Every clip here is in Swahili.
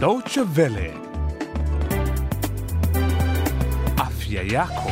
Deutsche Welle. Afya yako.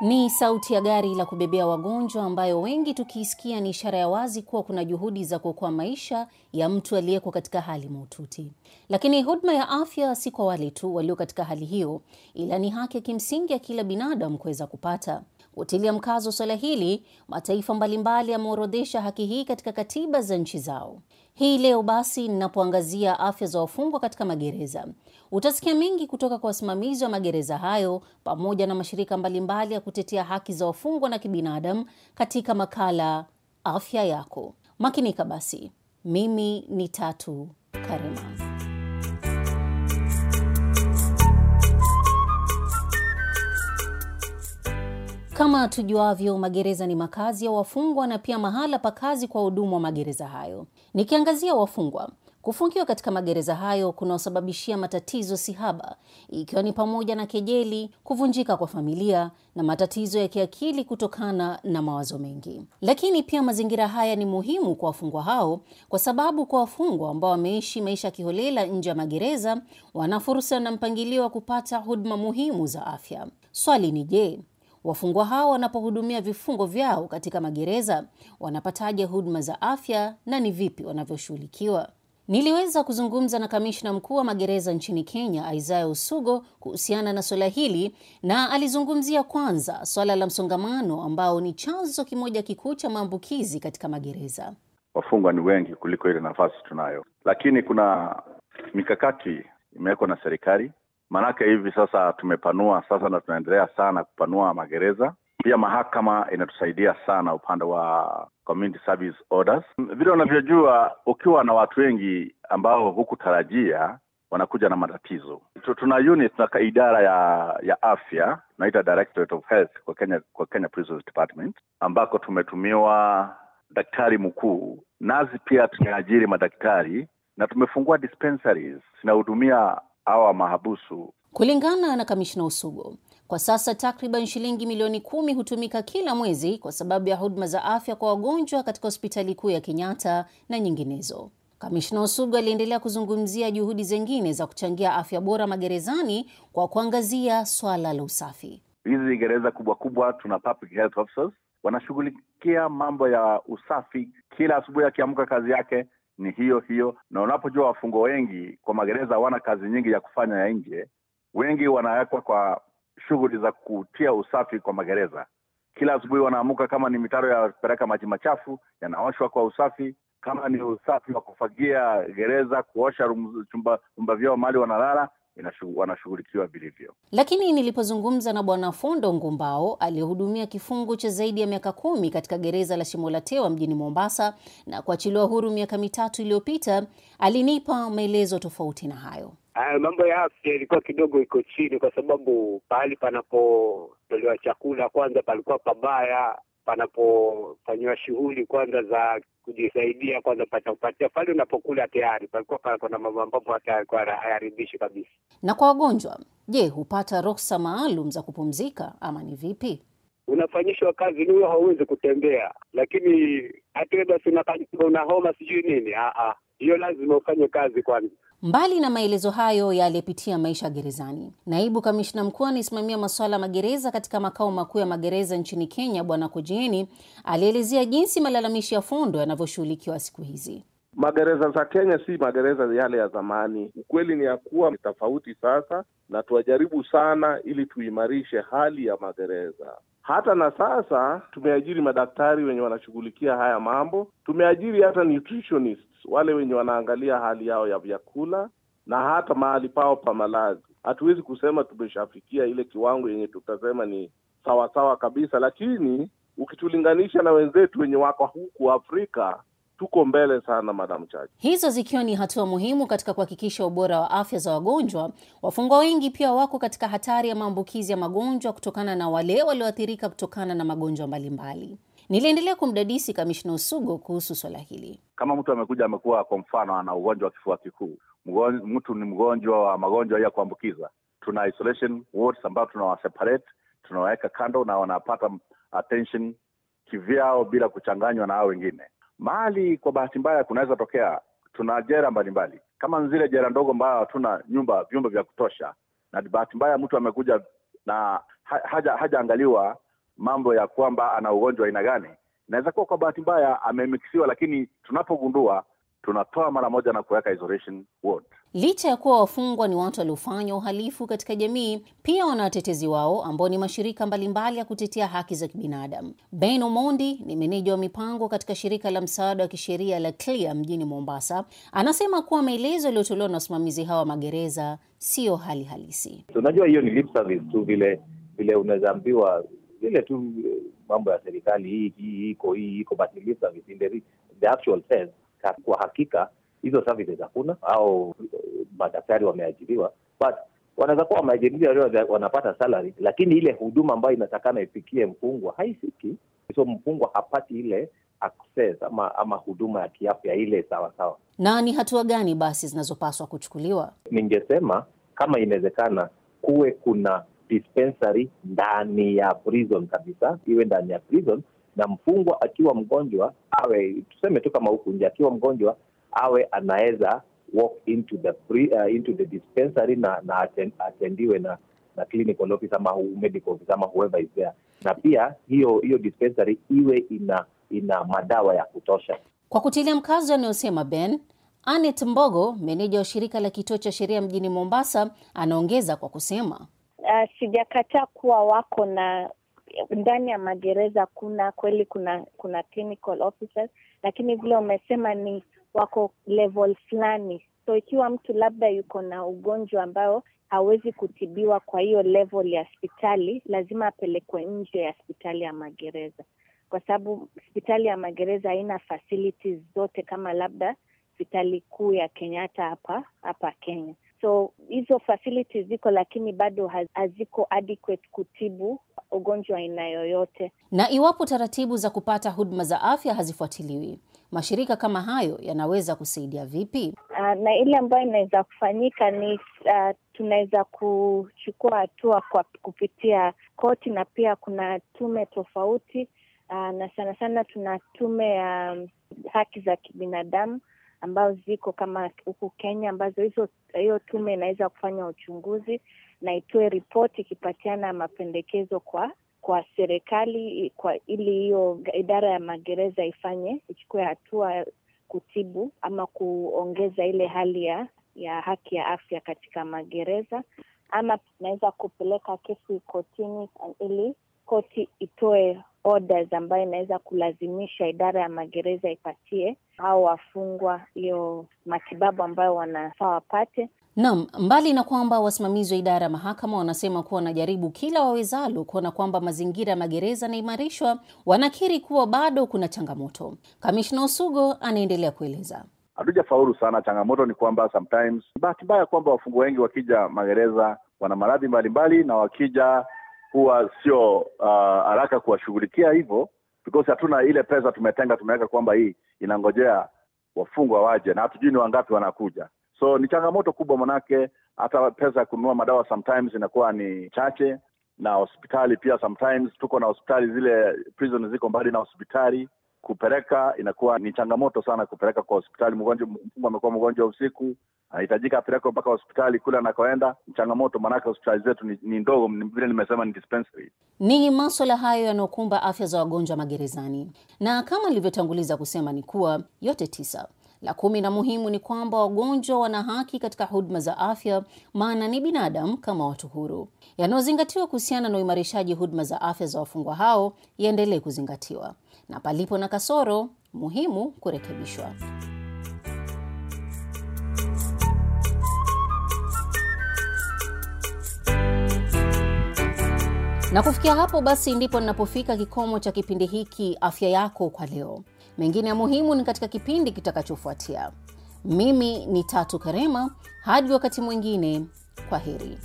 Ni sauti ya gari la kubebea wagonjwa ambayo wengi tukiisikia ni ishara ya wazi kuwa kuna juhudi za kuokoa maisha ya mtu aliyeko katika hali mahututi. Lakini huduma ya afya si kwa wale tu walio katika hali hiyo, ila ni haki ya kimsingi ya kila binadamu kuweza kupata. Kutilia mkazo swala hili, mataifa mbalimbali yameorodhesha haki hii katika katiba za nchi zao. Hii leo basi, ninapoangazia afya za wafungwa katika magereza, utasikia mengi kutoka kwa wasimamizi wa magereza hayo pamoja na mashirika mbalimbali ya kutetea haki za wafungwa na kibinadamu katika makala Afya Yako. Makinika basi. Mimi ni Tatu Karema. Kama tujuavyo, magereza ni makazi ya wafungwa na pia mahala pa kazi kwa hudumu wa magereza hayo. Nikiangazia wafungwa, kufungiwa katika magereza hayo kunaosababishia matatizo sihaba, ikiwa ni pamoja na kejeli, kuvunjika kwa familia na matatizo ya kiakili kutokana na mawazo mengi. Lakini pia mazingira haya ni muhimu kwa wafungwa hao, kwa sababu kwa wafungwa ambao wameishi maisha ya kiholela nje ya magereza, wana fursa na mpangilio wa kupata huduma muhimu za afya. Swali ni je, Wafungwa hao wanapohudumia vifungo vyao katika magereza wanapataje huduma za afya na ni vipi wanavyoshughulikiwa? Niliweza kuzungumza na kamishna mkuu wa magereza nchini Kenya, Isaya Usugo, kuhusiana na suala hili, na alizungumzia kwanza swala la msongamano ambao ni chanzo kimoja kikuu cha maambukizi katika magereza. Wafungwa ni wengi kuliko ile nafasi tunayo, lakini kuna mikakati imewekwa na serikali maanake hivi sasa tumepanua sasa na tunaendelea sana kupanua magereza pia mahakama inatusaidia sana upande wa community service orders vile unavyojua ukiwa na watu wengi ambao hukutarajia wanakuja na matatizo tuna unit idara ya ya afya naita directorate of health kwa kenya kwa kenya prisons department ambako tumetumiwa daktari mkuu nazi pia tumeajiri madaktari na tumefungua dispensaries zinahudumia hawa mahabusu. Kulingana na kamishna Usugo, kwa sasa takriban shilingi milioni kumi hutumika kila mwezi kwa sababu ya huduma za afya kwa wagonjwa katika hospitali kuu ya Kenyatta na nyinginezo. Kamishna Usugu aliendelea kuzungumzia juhudi zingine za kuchangia afya bora magerezani kwa kuangazia swala la usafi. Hizi gereza kubwa kubwa tuna public health officers wanashughulikia mambo ya usafi kila asubuhi, akiamka kazi yake ni hiyo hiyo, na unapojua wafungwa wengi kwa magereza hawana kazi nyingi ya kufanya ya nje, wengi wanawekwa kwa shughuli za kutia usafi kwa magereza. Kila asubuhi wanaamuka, kama ni mitaro ya kupeleka maji machafu yanaoshwa kwa usafi, kama ni usafi wa kufagia gereza, kuosha chumba vyao mali wanalala, wanashughulikiwa vilivyo. Lakini nilipozungumza na Bwana Fondo Ngumbao aliyehudumia kifungo cha zaidi ya miaka kumi katika gereza la tewa mjini Mombasa na kuachiliwa huru miaka mitatu iliyopita, alinipa maelezo tofauti na hayo. Uh, mambo ya afya ilikuwa kidogo iko chini, kwa sababu pahali panapotolewa chakula kwanza palikuwa pabaya, panapofanyiwa shughuli kwanza za kujisaidia kwanza pata pale unapokula tayari palikuwa pakona mambo ambapo hata alikuwa hayaribishi kabisa. Na kwa wagonjwa, je, hupata ruhsa maalum za kupumzika ama ni vipi? Unafanyishwa kazi ni hauwezi kutembea, lakini hata basi una homa sijui nini, ah, ah. hiyo lazima ufanye kazi kwanza. Mbali na maelezo hayo ya aliyepitia maisha gerezani, naibu kamishna mkuu anayesimamia masuala ya magereza katika makao makuu ya magereza nchini Kenya, Bwana kojieni alielezea jinsi malalamishi ya Fundo yanavyoshughulikiwa siku hizi. Magereza za Kenya si magereza yale ya zamani. Ukweli ni ya kuwa ni tofauti sasa, na tuwajaribu sana ili tuimarishe hali ya magereza. Hata na sasa tumeajiri madaktari wenye wanashughulikia haya mambo, tumeajiri hata nutritionists, wale wenye wanaangalia hali yao ya vyakula na hata mahali pao pa malazi. Hatuwezi kusema tumeshafikia ile kiwango yenye tutasema ni sawasawa kabisa, lakini ukitulinganisha na wenzetu wenye wako huku Afrika tuko mbele sana, madamu Chacha. Hizo zikiwa ni hatua muhimu katika kuhakikisha ubora wa afya za wagonjwa. Wafungwa wengi pia wako katika hatari ya maambukizi ya magonjwa kutokana na wale walioathirika kutokana na magonjwa mbalimbali. Niliendelea kumdadisi Kamishna Usugo kuhusu swala hili. Kama mtu amekuja amekuwa kwa mfano ana ugonjwa wa kifua kikuu, mtu ni mgonjwa wa magonjwa ya kuambukiza, tuna isolation wards ambayo tunawaseparate, tunawaweka kando na wanapata attention kivyao bila kuchanganywa na hao wengine. Mahali kwa bahati mbaya kunaweza tokea, tuna jera mbalimbali kama zile jera ndogo ambayo hatuna nyumba vyumba vya kutosha, na bahati mbaya mtu amekuja na haja hajaangaliwa mambo ya kwamba ana ugonjwa aina gani. Inaweza kuwa kwa bahati mbaya amemikisiwa lakini tunapogundua tunatoa mara moja na kuweka isolation ward. Licha ya kuwa wafungwa ni watu waliofanya uhalifu katika jamii, pia wana watetezi wao ambao ni mashirika mbalimbali ya kutetea haki za kibinadamu. Ben Omondi ni meneja wa mipango katika shirika la msaada wa kisheria la CLEA mjini Mombasa. Anasema kuwa maelezo yaliyotolewa na wasimamizi hawa wa magereza siyo hali halisi. Unajua hiyo ni lip service tu, vile vile unaweza ambiwa vile tu eh, mambo ya serikali hii hii iko hii iko, but lip service in the actual sense. Kwa hakika hizo services hakuna, au eh, madaktari wameajiriwa, but wanaweza kuwa wameajiriwa, wanapata salary, lakini ile huduma ambayo inatakana ifikie mfungwa haifiki. So mfungwa hapati ile access ama, ama huduma ya kiafya ile sawa sawa. Na ni hatua gani basi zinazopaswa kuchukuliwa? Ningesema kama inawezekana kuwe kuna dispensary ndani ya prison kabisa, iwe ndani ya prison, na mfungwa akiwa mgonjwa awe, tuseme tu kama huku nje, akiwa mgonjwa awe anaweza walk into the pre, uh, into the dispensary na, na attend, attendiwe na na clinical office ama medical office ama whoever is there, na pia hiyo hiyo dispensary iwe ina ina madawa ya kutosha. Kwa kutilia mkazo anayosema Ben, Anet Mbogo, meneja wa shirika la kituo cha sheria mjini Mombasa, anaongeza kwa kusema uh, sijakataa kuwa wako na ndani ya magereza kuna kweli kuna kuna clinical officers, lakini vile umesema ni wako level fulani. So ikiwa mtu labda yuko na ugonjwa ambao hawezi kutibiwa kwa hiyo level ya hospitali, lazima apelekwe nje ya hospitali ya magereza, kwa sababu hospitali ya magereza haina facilities zote kama labda hospitali kuu ya Kenyatta hapa hapa Kenya. So hizo facilities ziko, lakini bado haziko adequate kutibu ugonjwa aina yoyote. Na iwapo taratibu za kupata huduma za afya hazifuatiliwi, mashirika kama hayo yanaweza kusaidia vipi? Uh, na ile ambayo inaweza kufanyika ni uh, tunaweza kuchukua hatua kwa kupitia koti, na pia kuna tume tofauti uh, na sana sana tuna tume ya um, haki za kibinadamu ambazo ziko kama huku Kenya, ambazo hizo hiyo tume inaweza kufanya uchunguzi na itoe ripoti ikipatiana mapendekezo kwa kwa serikali kwa ili hiyo idara ya magereza ifanye ichukue hatua kutibu ama kuongeza ile hali ya ya haki ya afya katika magereza, ama tunaweza kupeleka kesi kotini ili koti itoe orders ambayo inaweza kulazimisha idara ya magereza ipatie au wafungwa hiyo matibabu ambayo wanafaa wapate, Naam, mbali na kwamba wasimamizi wa idara ya mahakama wanasema kuwa wanajaribu kila wawezalo kuona kwamba mazingira ya magereza yanaimarishwa, wanakiri kuwa bado kuna changamoto. Kamishna Osugo anaendelea kueleza. Hatujafaulu sana. Changamoto ni kwamba sometimes, bahati mbaya kwamba wafungwa wengi wakija magereza wana maradhi mbalimbali, na wakija huwa sio uh, haraka kuwashughulikia hivyo, because hatuna ile pesa tumetenga, tumeweka kwamba hii inangojea wafungwa waje, na hatujui ni wangapi wanakuja So ni changamoto kubwa, manake hata pesa ya kununua madawa sometimes inakuwa ni chache, na hospitali pia sometimes tuko na hospitali zile prison ziko mbali na hospitali, kupeleka inakuwa ni changamoto sana kupeleka kwa hospitali. Mgonjwa amekuwa mgonjwa usiku, anahitajika apelekwe mpaka hospitali kule anakoenda, ni changamoto, maanake hospitali zetu ni, ni ndogo, vile nimesema ni dispensary. ni maswala hayo yanayokumba afya za wagonjwa magerezani, na kama nilivyotanguliza kusema ni kuwa yote tisa la kumi na muhimu ni kwamba wagonjwa wana haki katika huduma za afya, maana ni binadamu kama watu huru. Yanayozingatiwa kuhusiana na uimarishaji huduma za afya za wafungwa hao yaendelee kuzingatiwa, na palipo na kasoro muhimu kurekebishwa. Na kufikia hapo basi ndipo ninapofika kikomo cha kipindi hiki Afya Yako kwa leo mengine ya muhimu ni katika kipindi kitakachofuatia mimi ni tatu karema hadi wakati mwingine kwa heri